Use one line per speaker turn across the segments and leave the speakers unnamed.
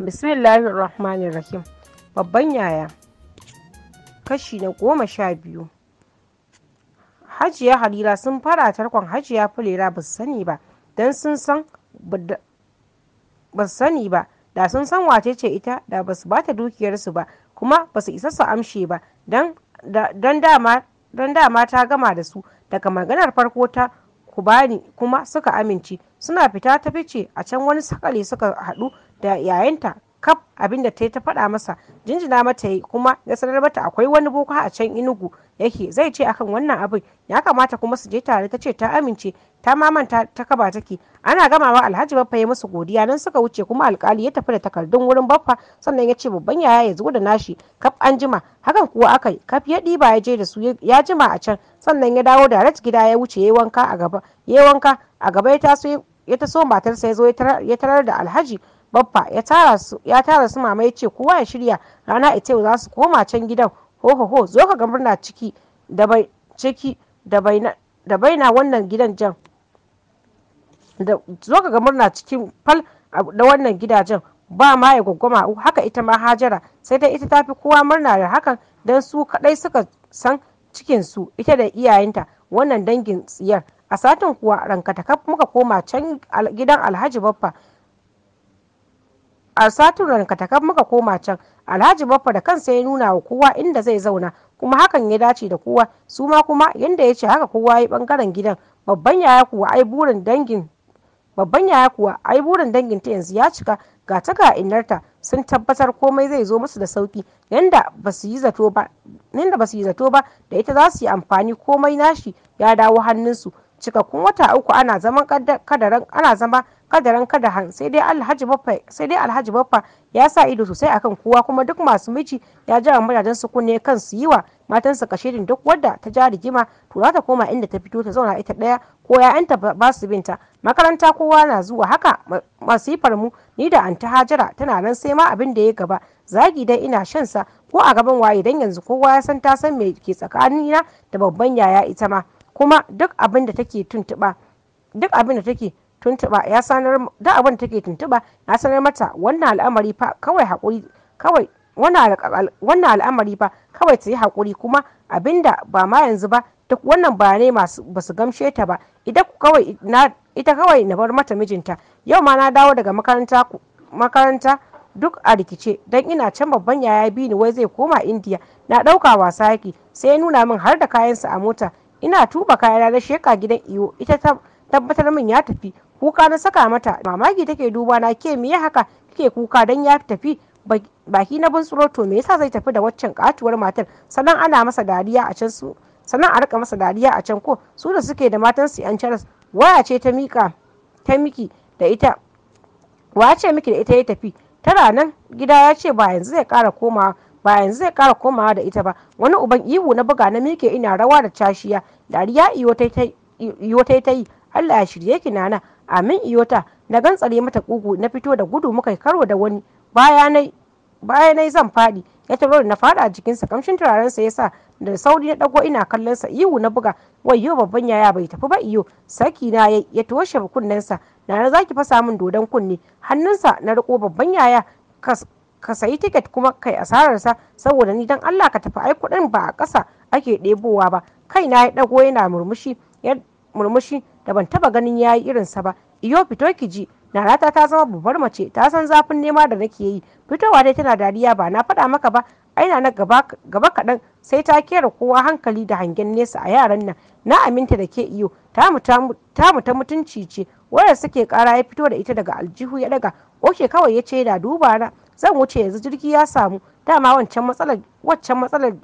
bismillahir rahmanir rahim babban yaya kashi na goma sha biyu hajiya harira sun fara tarkon hajiya fulera ba sani ba don sani ba da sun san wace ce ita da ba su bata dukiyarsu ba kuma ba su isa su amshe ba don dama ta gama da su daga maganar farko ta kubani kuma suka amince suna fita ta fice a can wani sakale suka haɗu da yayanta kaf abinda ta yi ta faɗa masa jinjina mata yi kuma ya sanar mata akwai wani boko a can inugu yake zai ce akan wannan abin ya kamata kuma su je tare ta ce ta amince ta mamanta ta kaba take ana gamawa alhaji baffa ya musu godiya nan suka wuce kuma alkali ya tafi da takardun wurin baffa sannan ya ce babban yaya ya zo da nashi kaf an jima hakan kuwa aka yi kaf ya ɗiba ya je da su ya jima a can sannan ya dawo da gida ya wuce ya wanka a gaba ya wanka a gaba ya taso ya taso matarsa ya zo ya tarar da alhaji baffa ya tara su mamaye mama ya ce kowa ya shirya rana ita yau za su koma can gidan ho ho ho zo ka ga murna ciki da bai ciki wannan gidan jan da zo ka ga murna cikin fal da wannan gidajen ba ma ya gwaggwama haka ita ma hajara sai dai ita tafi kowa murna da hakan don su kadai suka san cikin su ita da iyayenta wannan dangin tsiyar a satin kuwa rankata muka koma can gidan alhaji baffa a saturan katakan muka koma can alhaji baffa da kansa ya nuna wa kowa inda zai zauna kuma hakan ya dace da kowa su ma kuma yanda ya ce haka kowa ya bangaren gidan babban yaya kuwa ai burin dangin babban yaya kuwa ai burin dangin ta yanzu ya cika ga ta ga inarta sun tabbatar komai zai zo musu da sauki yanda ba su yi zato ba da ita za su yi amfani komai nashi ya dawo hannunsu cikakkun wata uku ana zaman kadaran ana zama kadaran han sai dai alhaji baffa sai dai alhaji baffa ya sa ido sosai akan kowa kuma duk masu miji ya jawa mazajen su kunne kan su yi wa matansa din duk wadda ta ja rigima to za ta koma inda ta fito ta zauna ita daya ko ya'yanta ba su binta makaranta kowa na zuwa haka masifar mu ni da anta hajara tana nan sai ma abin da ya gaba zagi dai ina shan sa ko a gaban waye dan yanzu kowa ya san ta san me ke tsakanina da babban yaya ita ma kuma duk abin da take tuntuba duk abin da take tuntuɓa ya sanar da abin da take tuntuɓa ya sanar mata wannan al'amari fa kawai hakuri kawai wannan al'amari fa kawai ta yi haƙuri kuma abinda ba ma yanzu ba duk wannan bayanai masu su gamshe ta ba ita kawai na bar mata mijinta yau ma na dawo daga makaranta makaranta duk a rikice don ina can babban yaya bi ni wai zai koma indiya na dauka wasa yaki sai ya nuna min har da kayansa a mota ina tuba kayana na sheka gidan iyo ita tabbatar min ya tafi kuka na saka mata mamaki take duba na ke me haka kike kuka dan ya tafi baki na bin tsoro to me yasa zai tafi da waccan katuwar matar sannan ana masa dariya a can su sannan a rika masa dariya a can ko su da suke da matan su yan charles waya ce ta mika ta miki da ita waya ce miki da ita ya tafi tara nan gida ya ce ba yanzu zai kara komawa ba yanzu zai kara komawa da ita ba wani uban ihu na buga na mike ina rawa da cashiya dariya iyo ta yi Allah ya shirye ki nana amin iyota na gantsare mata kugu na fito da gudu muka karo da wani baya na zan faɗi ya taro na fada a jikinsa kamshin turarensa ya sa da sauri na dago ina kallon sa ihu na buga wai yau babban yaya bai tafi ba iyo saki na ya toshe kunnensa na na zaki fasa min dodon kunne hannunsa na riko babban yaya ka sayi tiket kuma kai asararsa saboda ni dan Allah ka tafi ai kudin ba a ƙasa ake ɗebowa ba kai na ya dago yana murmushi murmushi da ban taba ganin yayi irinsa ba iyo fito ki ji narata ta zama babbar mace ta san zafin nema da nake yi fitowa dai tana dariya ba na faɗa maka ba aina na gaba kaɗan sai ta kera kowa hankali da hangen nesa a yaran nan na aminta da ke iyo tamu ta mutunci ce wanda suke kara ya fito da ita daga aljihu ya daga oke kawai ya ce da duba na zan wuce yanzu jirgi ya samu dama wancan matsalar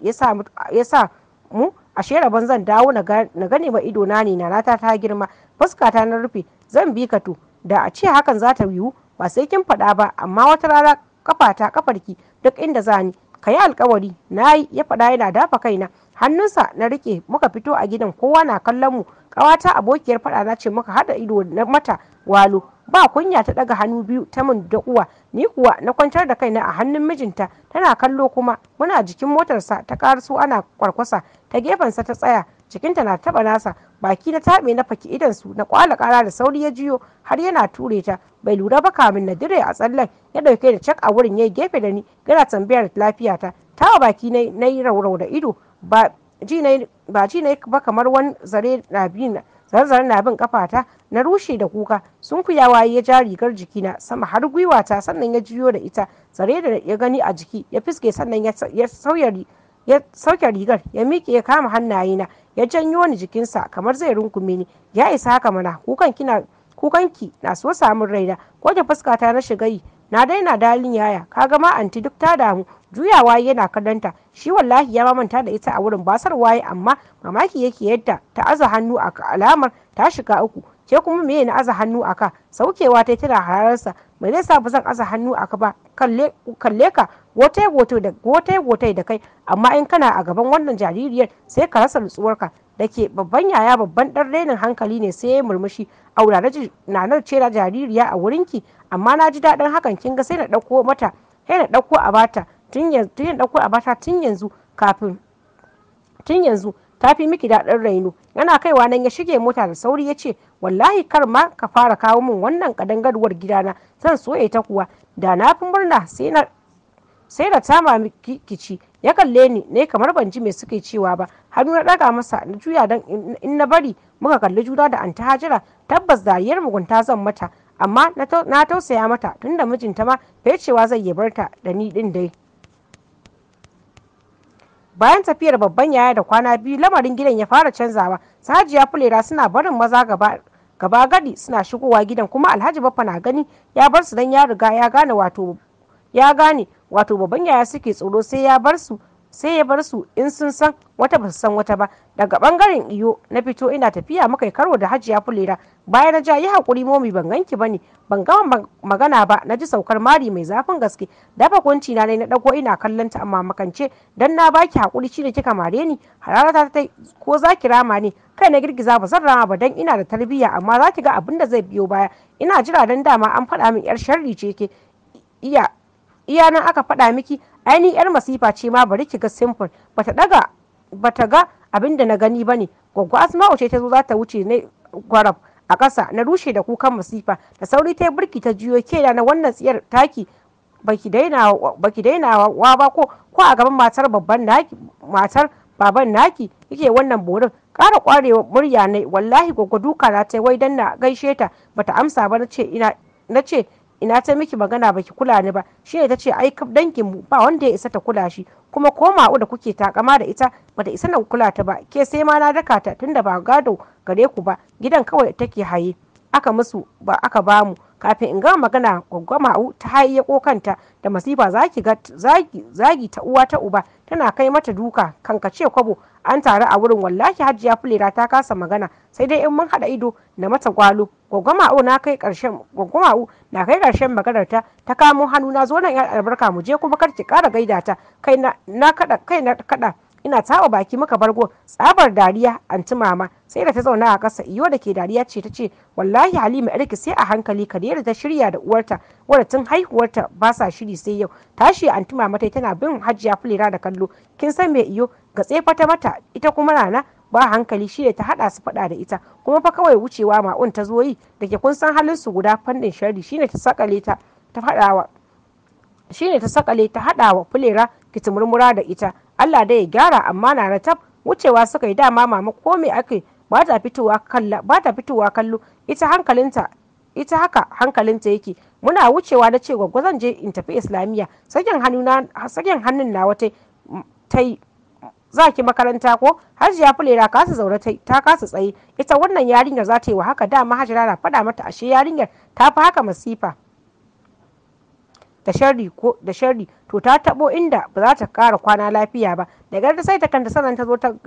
ya sa mu ashe rabon zan dawo na gane ba ido na ne na ta girma fuskata na rufe zan bi ka to da a ce hakan za ta yiwu ba sai kin faɗa ba amma wata rana kafata kafarki duk inda za ni ka yi alkawari na yi ya faɗa yana dafa kaina hannunsa na rike muka fito a gidan kowa na kallon mu ƙawata abokiyar faɗa na ce muka haɗa ido na mata walo ba kunya ta daga hannu biyu ta mun da uwa ni kuwa na kwantar da kaina a hannun mijinta tana kallo kuma muna jikin motarsa ta karso ana kwarkwasa ta gefensa ta tsaya cikinta na taba nasa baki na taɓe na faki idan su na kwala kara da sauri ya jiyo har yana ture ta bai lura ba kamin na dire a tsallan ya dauke da cak a wurin yayi gefe da ni yana tambayar lafiya ta tawa baki na yi raurau da ido ba ji na ba kamar wani zare na biyu zarzar na bin kafata na rushe da kuka sun kuyawa ya ja rigar jikina sama har gwiwata sannan ya jiyo da ita tsare da ya gani a jiki ya fiske sannan ya sauya ya sauke rigar ya miƙe ya kama hannayena ya janyo ni jikinsa kamar zai rungume ni ya isa haka mana kukan kina kukanki na so samun raina ko da fuskata na shiga yi na daina dalin yaya kaga ma anti duk ta damu juyawa yana kadanta shi wallahi ya mamanta da ita a wurin basar waye amma mamaki yake yadda ta aza hannu a alamar ta shiga uku ke kuma me na aza hannu aka saukewa ta tana hararsa mai zai sa ba zan aza hannu aka ba kalle ka gotai gotai da kai amma in kana a gaban wannan jaririyar sai ka rasa nutsuwarka da ke babban yaya babban dan renin hankali ne sai ya yi murmushi aura nanar ce na jaririya a wurinki amma na ji daɗin hakan kin ga sai na ɗauko mata sai na ɗauko a bata tun yanzu tun a bata tun yanzu kafin tun yanzu ta fi miki daɗin raino yana kaiwa nan ya shige mota da sauri ya ce wallahi kar ma ka fara kawo min wannan ƙadangaruwar gidana zan soya ta kuwa da na fi murna sai na sai da ta mami kici ya kalle ni ne kamar ban ji mai suke cewa ba hannu na daga masa na juya dan in na bari muka kalli juna da anta hajira tabbas dariyar mugunta zan mata amma na tausaya mata tunda mijinta ma bai cewa zai yi ta da ni din dai bayan tafiyar babban yaya da kwana biyu lamarin gidan ya fara canzawa sajiya fulera suna barin maza gaba gaba gadi suna shigowa gidan kuma alhaji baffa na gani ya bar su dan ya riga ya gane wato ya gane wato babban yaya suke tsoro sai ya bar su sai ya bar su in sun san wata ba su san wata ba daga bangaren iyo na fito ina tafiya muka karo da hajiya fulera bayan na ja yi hakuri momi ban ganki bane ban gama magana ba na ji saukar mari mai zafin gaske dafa kunci na ne na dauko ina kallon ta amma makance dan na baki hakuri shine da kika mare ni hararata ta ko za ki rama ne kai na girgiza ba zan rama ba dan ina da tarbiyya amma za ki ga abin da zai biyo baya ina jira dan dama an faɗa min yar sharri ce ke iya iya nan aka faɗa miki ainihin yar masifa ce ma bari ki ga simple bata daga bata ga abin da na gani ba ne goggo asma'u ce ta zo za ta wuce ne gwarab a ƙasa na rushe da kukan masifa da sauri ta burki ta jiyo keda na wannan tsiyar taki baki daina wa ba ko ko a gaban matar babban naki matar baban naki yake wannan borin kara ƙwarewa murya ne wallahi gwaggwa duka na ta wai dan na gaishe ta bata amsa ba na ina na ce ina ta miki magana baki kula ni ba shi ne ta ce ai dangin mu ba wanda ya isa ta kula shi kuma ko ma'u da kuke takama da ita bata isa na kula ta ba ke sai ma na daka ta tunda ba gado gare ku ba gidan kawai take haye aka musu ba aka bamu kafin in gama magana gwaggwama ta hayyako kanta da masifa zaki zagi, zagi ta uwa ta uba tana kai mata duka kanka ce kwabo an taru a wurin wallahi hajjiya fulera ta kasa magana sai dai in mun hada ido na mata gwalo gwaggwama na kai ƙarshen na kai karshen maganar ta ta kamo hannu na zo nan yan albarka mu je kuma kar ki kara gaida ta kai na kada. kai na kada ina tawa baki muka bargo tsabar dariya anti mama sai da ta zauna a ƙasa iyo da ke dariya ce ta ce wallahi halima yarki sai a hankali ka da ta shirya da uwarta wadda tun haihuwarta ba sa shiri sai yau tashi anti mama tai tana bin hajjiya fulera da kallo kin san me iyo ga tsefa ta mata ita kuma rana ba hankali shi ta hada su fada da ita kuma fa kawai wucewa un ta zoyi da ke kun san halin su guda fannin sharri shine ta sakale ta ta fadawa shine ta sakale ta hadawa fulera kitimurmura da ita Allah dai ya gyara amma na ratab wucewa suka yi dama mama komai ake ba ta fitowa kallo ita hankalinta ita haka hankalinta yake muna wucewa na ce gwaggwa zan je in tafi islamiyya sakin hannun na wata tai za makaranta ko hajiya fulera kasa zaure ta kasa tsaye ita wannan yarinyar za ta yi wa haka dama hajira na faɗa mata ashe yarinyar ta fi haka masifa da sharri ko da sharri to ta tabo inda ba za ta kara kwana lafiya ba daga ta sai ta kanta sanan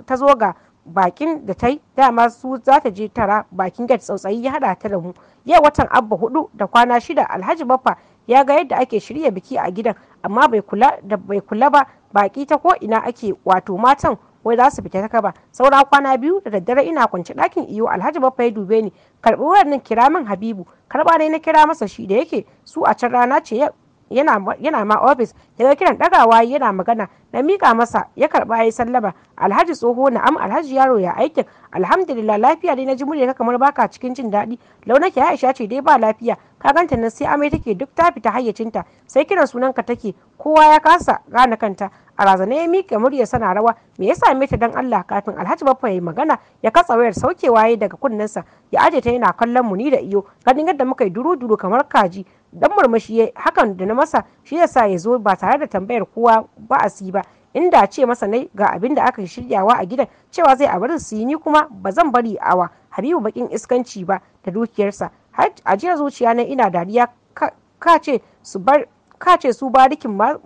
ta zo ga bakin da ta yi dama su za ta je tara bakin gate tsautsayi ya hada ta da mu yau watan abba hudu da kwana shida alhaji baffa ya ga yadda ake shirya biki a gidan amma bai kula da bai kula ba baki ta ko ina ake wato matan wai za su fita ta ba saura kwana biyu da daddare ina kwance dakin iyo alhaji baffa ya dube ni karɓi wurin nan kira min habibu karba ne na kira masa shi da yake su a can rana ce yana ma ofis daga kiran dagawa yana magana na mika masa ya karba ayi sallaba alhaji tsoho na am alhaji yaro ya aikin alhamdulillah lafiya dai na ji murya kamar baka cikin jin daɗi launake aisha ce dai ba lafiya ka ganta nan sai amai take duk ta fita hayyacinta sai kiran sunan ka take kowa ya kasa gane kanta a razana ya mika murya sana rawa me ya same ta dan Allah kafin Alhaji Baffa ya magana ya katsa wayar saukewa ya daga kunnensa ya aje ta yana kallon mu ni da iyo ganin yadda muka yi duru duru kamar kaji dan murmushi hakan da na masa shi yasa ya zo ba tare da tambayar kowa ba'asi ba inda ce masa nai ga abin da aka shiryawa a gidan cewa zai a barin su yi ni kuma ba zan bari awa habibu bakin iskanci ba da dukiyarsa har ajiyar zuciya na ina dariya ka ce su bar ka ce su barikin ma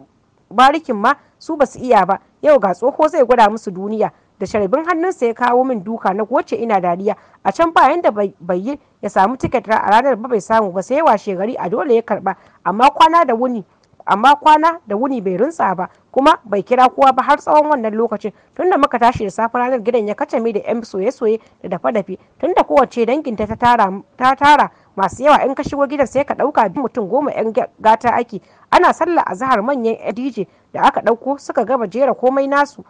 barikin ma su basu iya ba yau ga tsoho zai gwada musu duniya da sharbin hannunsa ya kawo min duka na wacce ina dariya a can ba bai yi ya samu tiket a ranar ba bai samu ba sai washe gari a dole ya karba amma kwana da wuni amma kwana da wuni bai runtsa ba kuma bai kira kowa ba har tsawon wannan lokacin tunda muka tashi da safe ranar gidan ya mai da yan soye-soye da dafe-dafe tunda kowace dangin ta tara ta tara masu yawa in ka shigo gidan sai ka dauka biyu mutum goma yan gata ake ana sallah a zahar manyan DJ da aka dauko suka gaba jera komai nasu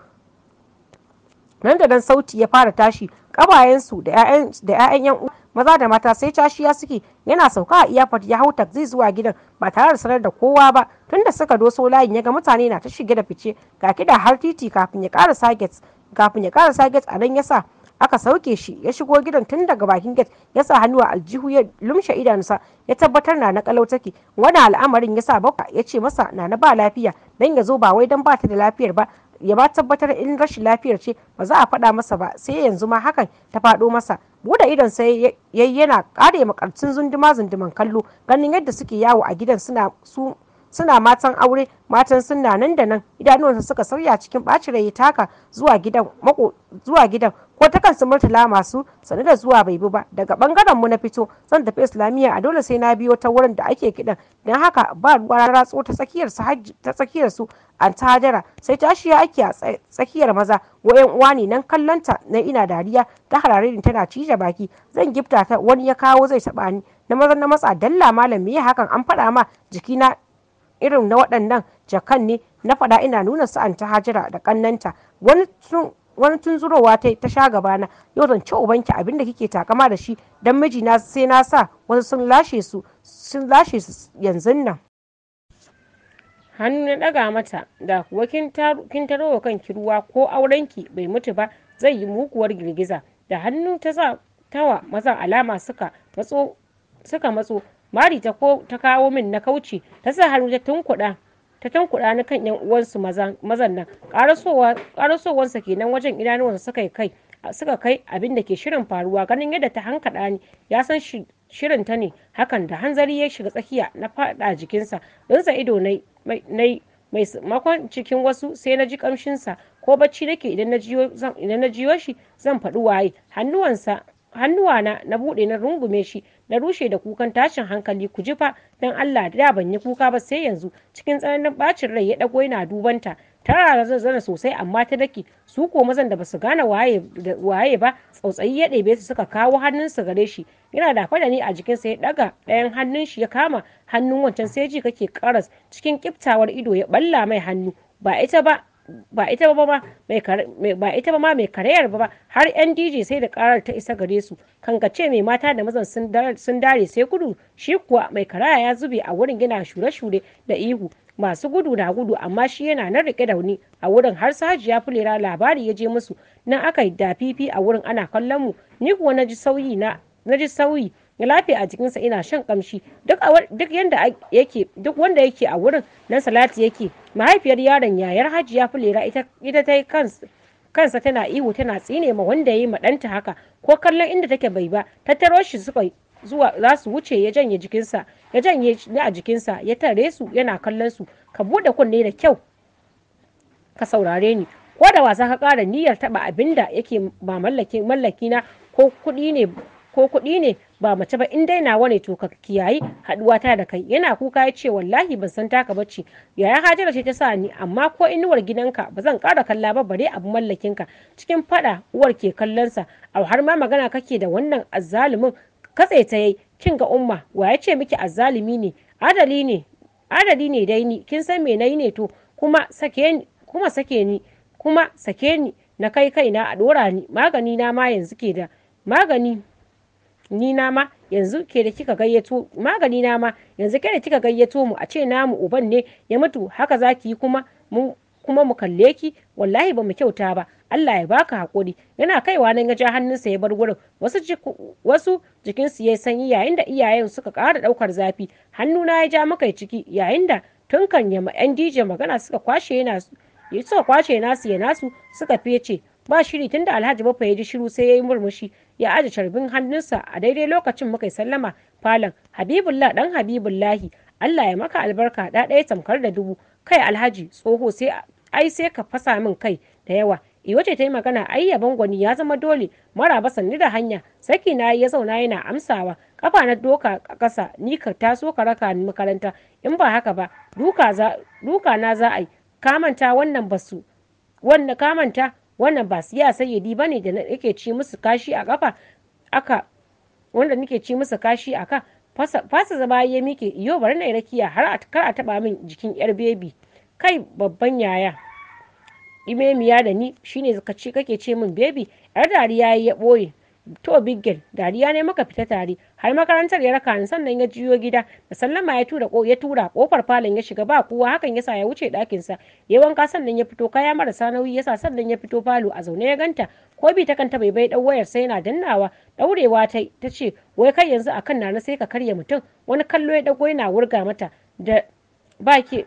nan da nan sauti ya fara tashi kabayensu da 'ya'yan yan maza da mata sai ya suke yana sauka a iyafat ya hau taxi zuwa gidan ba tare da sanar da kowa ba tunda suka doso layin ya ga mutane na ta shige da fice ga kida har titi kafin ya kara sagets kafin ya sagets a nan ya sa aka sauke shi ya shigo gidan tun daga bakin gate ya sa hannu a aljihu ya lumshe idanunsa ya tabbatar na na kalau take wani al'amarin ya sa bakwa ya ce masa na na ba lafiya dan ya zo ba wai dan ba ta da lafiyar ba ya ba tabbatar in rashin lafiyar ce ba za a faɗa masa ba sai yanzu ma hakan ta faɗo masa buɗe idon sai yayi yana ƙare makarcin zunduma zunduman kallo ganin yadda suke yawo a gidan suna su suna matan aure matan suna nan da nan idanuwansa suka sauya cikin ɓacin rai taka zuwa gidan mako zuwa gidan ko ta kansu murtala masu sanar da zuwa bai bi ba daga bangaren mu na fito zan tafi islamiyya a dole sai na biyo ta wurin da ake kidan dan haka ba ruwa ratso ta tsakiyar su ta tsakiyar su an tajara sai tashiya ake a tsakiyar maza wa yan uwa ne nan kallanta na ina dariya ta hararin tana cije baki zan gifta ta wani ya kawo zai taba ni na maza na matsa dalla malam me hakan an faɗa ma jikina irin na waɗannan jakan ne na faɗa ina nuna sa'an ta hajira da ƙannanta wani wani tunzurowa ta sha gabana yau zan ci ubanki abin da kike takama da shi dan mijina sai na sa wasu sun lashe su sun lashe su yanzu nan hannu na daga mata da kuwa kin taro wa kan ruwa ko aurenki bai mutu ba zai yi muguwar girgiza da hannu ta sa tawa maza alama suka matso suka matso mari ta ko ta kawo min na kauce ta sa hannu ta tunkuɗa ta tankuɗa ni kan yan uwansu mazan nan ƙarasowarsa kenan wajen idanuwansa suka kai suka kai abin da ke shirin faruwa ganin yadda ta hankaɗa ni ya san shirin ta ne hakan da hanzari ya shiga tsakiya na faɗa jikinsa sa ido na mai makon cikin wasu sai na ji kamshin sa ko bacci nake idan na jiyo shi zan faɗi waye hannuwansa hannuwana na buɗe na rungume shi na rushe da kukan tashin hankali ku ji fa dan Allah da ban yi kuka ba sai yanzu cikin tsananin bacin rai ya dago yana dubanta ta da zazzana sosai amma ta daki su ko mazan da basu gane waye ba tsautsayi ya ɗebe su suka kawo hannun su gare shi yana da fada ne a jikinsa ya daga ɗayan hannun shi ya kama hannun wancan sai ji kake karas cikin kiftawar ido ya balla mai hannu ba ita ba ba ita ba ma mai ba ita ba ma mai karayar ba har yan DJ sai da karar ta isa gare su kan gace mai mata da mazan sun dare sai gudu shi kuwa mai karaya ya zube a wurin gina shure-shure da ihu masu gudu na gudu amma shi yana nan rike da wuni a wurin har saji ya fulera labari ya je musu nan aka yi dafifi a wurin ana kallon mu ni kuwa na sauyi na ji sauyi ya lafiya a jikinsa ina shan kamshi duk yanda yake duk wanda yake a wurin na salati yake mahaifiyar yaron yayar hajiya fulera ita ta yi kansa tana ihu tana tsine ma wanda ya yi maɗanta haka ko kallon inda take bai ba ta taro shi suka zuwa za su wuce ya janye jikinsa ya janye ni a jikinsa ya tare su yana kallon su ka buɗe kunne da kyau ka saurare ni ko da wasa ka kara niyyar taɓa abinda yake ba mallaki na ko kuɗi ne ko kuɗi ne ba mace ba in dai nawa ne to ka kiyayi haɗuwa ta da kai yana kuka ya ce wallahi ban san taka bacci yaya hajara ce ta sa ni amma ko inuwar gidanka ba zan ƙara kalla ba bare abu mallakinka cikin fada uwar ke kallonsa au har ma magana kake da wannan azzalumin katse ta yayi kin ga umma wa ya ce miki azzalumi ne adali ne adali ne dai ni kin san me nayi ne to kuma sake ni kuma sake ni kuma sake ni na kai kaina a dora ni magani na ma yanzu ke da magani ni na ma yanzu ke da kika gayyato magani na ma yanzu ke da kika gayyato mu a ce namu uban ne ya mutu haka za ki yi kuma mu kuma mu kalle ki wallahi ba mu kyauta ba Allah ya baka hakuri yana kaiwa nan ya ja hannunsa ya bar wurin wasu wasu jikinsu ya sanyi yayin da iyayen suka kara ɗaukar zafi hannuna ya ja maka ciki yayin da tunkan ya ma yan DJ magana suka kwashe yana suka kwashe nasu ya nasu suka fece ba shiri tun da alhaji bafa ya ji shiru sai ya yi murmushi ya aje carbin hannunsa a daidai lokacin muka yi sallama falon habibullah dan habibullahi allah ya maka albarka da ɗaya tamkar da dubu kai alhaji tsoho sai ai sai ka fasa min kai da yawa eh, ce ta yi magana ai yaban gwani ya zama dole Mara ba, sanni da hanya saki na ya zauna yana amsawa kafa na doka ƙasa ni ka taso ka raka ni makaranta in ba haka ba duka na za a yi kamanta wannan basu wannan kamanta wannan ba siya sayyidi bane da yake ci musu kashi a kafa aka wanda nake ci musu kashi a ka fasa zama ya mike iyo bari na rakiya har a kar a taba min jikin yar bebi kai babban yaya imemiya da ni shine kake ce min bebi yar dariya ya boye to big girl dariya ne maka fita tare har makarantar ya raka ni sannan ya jiyo gida da sallama ya tura ya tura kofar falon ya shiga ba kowa hakan yasa ya wuce ɗakin sa ya wanka sannan ya fito kaya marasa nauyi yasa sannan ya fito falo a zaune ya ganta ko bi ta kanta bai bai dan wayar sai yana dannawa daurewa ta ta ce wai kai yanzu akan na sai ka karya mutum wani kallo ya dago yana wurga mata da baki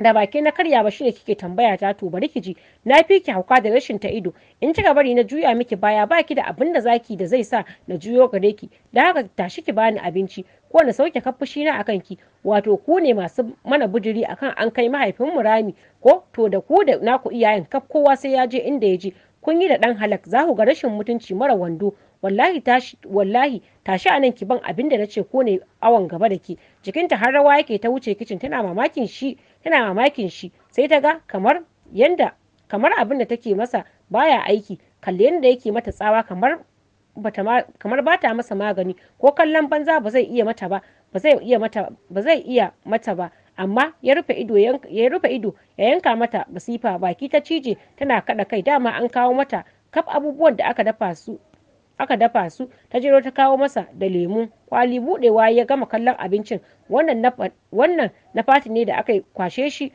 da baki na karya ba shine kike tambaya ta to bari ki ji na fi ki hauka da rashin ta ido in kika bari na juya miki baya baki da abin da zaki da zai sa na juyo gare ki da haka tashi ki bani abinci ko na sauke kafushi na akan ki wato ku ne masu mana bujiri akan an kai mahaifin mu rami ko to da ku da naku iyayen kaf kowa sai ya je inda ya je kun yi da dan halak za ku ga rashin mutunci mara wando wallahi tashi wallahi tashi anan ki ban abin da nace ko ne awan gaba da ki jikinta har rawa yake ta wuce kicin tana mamakin shi tana mamakin shi sai ta ga kamar yanda kamar abin da take masa baya aiki kalli yanda yake mata tsawa kamar bata kamar bata masa magani ko kallon banza ba zai iya mata ba ba zai iya mata ba zai iya mata ba amma ya rufe ido ya rufe ido ya yanka mata basifa baki ta cije tana kada kai dama an kawo mata kaf abubuwan da aka dafa su aka dafa su ta jiro ta kawo masa da lemu kwali budewa ya gama kallon abincin wannan na fati ne da aka kwashe shi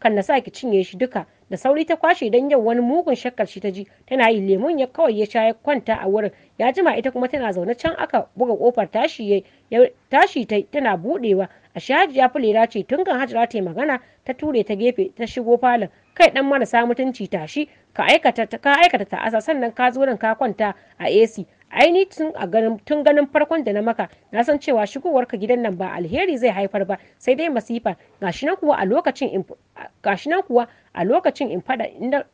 kan na sa ki cinye shi duka da sauri ta kwashe don yau wani mugun shakkar shi ta ji tana yi lemun ya kawai ya sha ya kwanta a wurin ya jima ita kuma tana zaune can aka buga kofar tashi ya tashi ta tana budewa a ya fulera ce tun kan hajira ta magana ta ture ta gefe ta shigo falon kai dan marasa mutunci tashi ka aikata ka aikata ta'asa sannan ka zo nan ka kwanta a AC ai tun ganin farkon da na maka na san cewa shigowarka gidan nan ba alheri zai haifar ba sai dai masifa gashi nan kuwa a lokacin in fada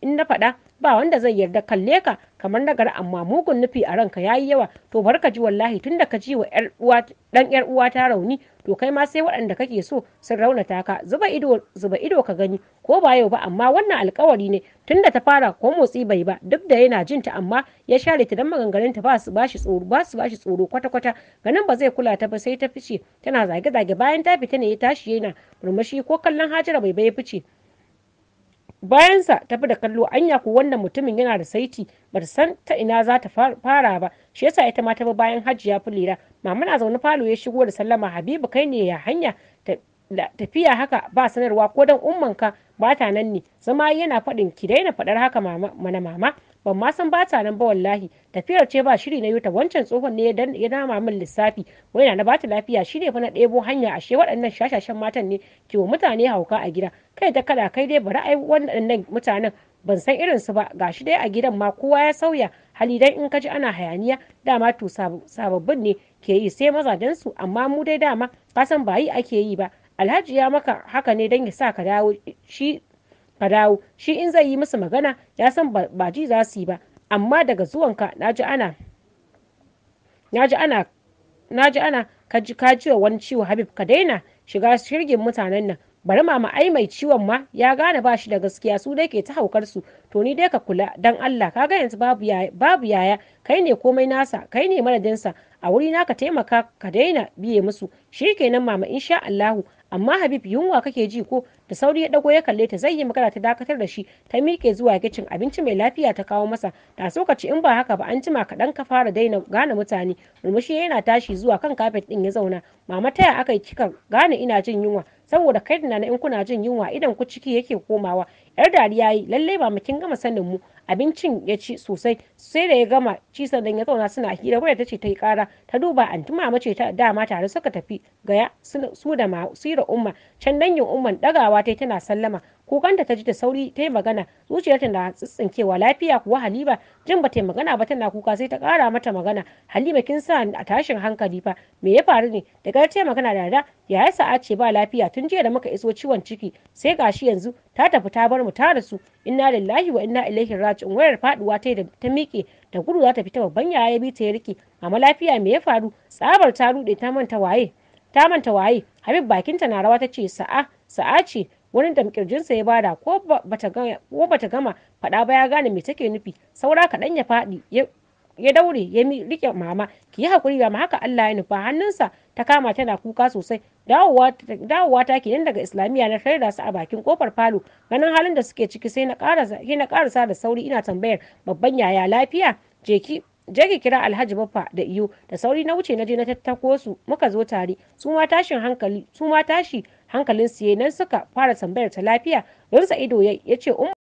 in na fada ba wanda zai yarda kalle ka kamar nagar amma mugun nufi a ranka yayi yawa to bar ji wallahi tunda ka ji wa yar uwa dan yar uwa ta rauni to kai ma sai waɗanda kake so sun raunata ka zuba ido zuba ido ka gani ko ba yau ba amma wannan alkawari ne tunda ta fara ko motsi bai ba duk da yana jin ta amma ya share ta dan maganganun ta ba su bashi tsoro ba su bashi tsoro kwata kwata ganin ba zai kula ta ba sai ta fice tana zage zage bayan ta fita ne ya tashi yana murmushi ko kallon Hajara bai bai fice bayansa fi da kallo anya ko wannan mutumin yana da saiti ba ta san ta ina za ta fara ba shi yasa ita ma ta bi bayan hajji fulira mama na zaune falo ya shigo da sallama habibu kai ne ya hanya tafiya haka ba sanarwa ko dan ummanka ba ta nan ne zama yana faɗin ki daina faɗar haka mana mama ban ma san ta nan ba wallahi tafiyar ce ba shiri na ta wancan tsohon ne ya dama min lissafi wai na ta lafiya shine fa na ɗebo hanya ashe waɗannan shashashan matan ne ke wa mutane hauka a gida kai ta kada kai dai bari ai waɗannan mutanen ban san irin su ba gashi dai a gidan ma kowa ya sauya hali dan in kaji ana hayaniya dama to sababbin ne ke yi sai mazajen su amma mu dai dama kasan ba yi ake yi ba alhaji ya maka haka ne don ya sa ka dawo shi ka dawo shi in zai yi musu magana ya san ba ji za su yi ba amma daga zuwanka na ji ana na ana na ana ka ji ka ji wani ciwo habib ka daina shiga shirgin mutanen nan bari mama ai mai ciwon ma ya gane ba shi da gaskiya su dai ke ta haukar su to ni dai ka kula dan Allah ka ga yanzu babu yaya babu yaya kai ne komai nasa kai ne madadinsa a wuri naka taimaka ka daina biye musu kenan mama insha Allahu amma habib yunwa kake ji ko da sauri ya dago ya kalle ta zai yi magana ta dakatar da shi ta miƙe zuwa kicin abinci mai lafiya ta kawo masa da so ci in ba haka ba an jima kaɗan ka fara daina gane mutane murmushi yana tashi zuwa kan kafet ɗin ya zauna mama taya aka yi kika gane ina jin yunwa saboda kai na in kuna jin yunwa idan ku ciki yake komawa yar dariya yi lallai ba mu kin gama sanin mu abincin ya ci sosai sai da ya gama ci sannan ya zauna suna hira wadda ta ce ta yi kara ta duba anti mama ce ta dama tare suka tafi gaya su da masira umma can dangin umman dagawa ta tana sallama kukanta ta ji da sauri ta yi magana zuciyarta na tsitsinkewa lafiya kuwa halima jin ba ta magana ba tana kuka sai ta kara mata magana halima kin sa a tashin hankali fa me ya faru ne da ta yi magana da da yaya sa'a ce ba lafiya tun jiya da muka iso ciwon ciki sai gashi yanzu ta tafi ta bar mu ta rasu inna lillahi wa inna ilaihi raji'un wayar faduwa ta ta miƙe da gudu za ta fita babban yaya ya bi ta ya rike amma lafiya me ya faru tsabar ta rude ta manta waye ta manta waye habib bakinta na rawa ta ce sa'a sa'a ce wurin da kirjinsa ya bada ko bata gama faɗa ba ya gane me take nufi saura kaɗan ya faɗi ya daure ya riƙe mama ki yi hakuri ga haka Allah ya nufa hannunsa ta kama tana kuka sosai dawowa ta kenan daga islamiyya na shaida su a bakin kofar falo ganin halin da suke ciki sai na karasa da sauri ina tambayar babban yaya lafiya jeki jage kira alhaji baffa da iyo da sauri na wuce na je na tattako su muka zo tare su ma tashin hankali su ma tashi hankalin su nan suka fara tambayar ta lafiya sa ido ya ce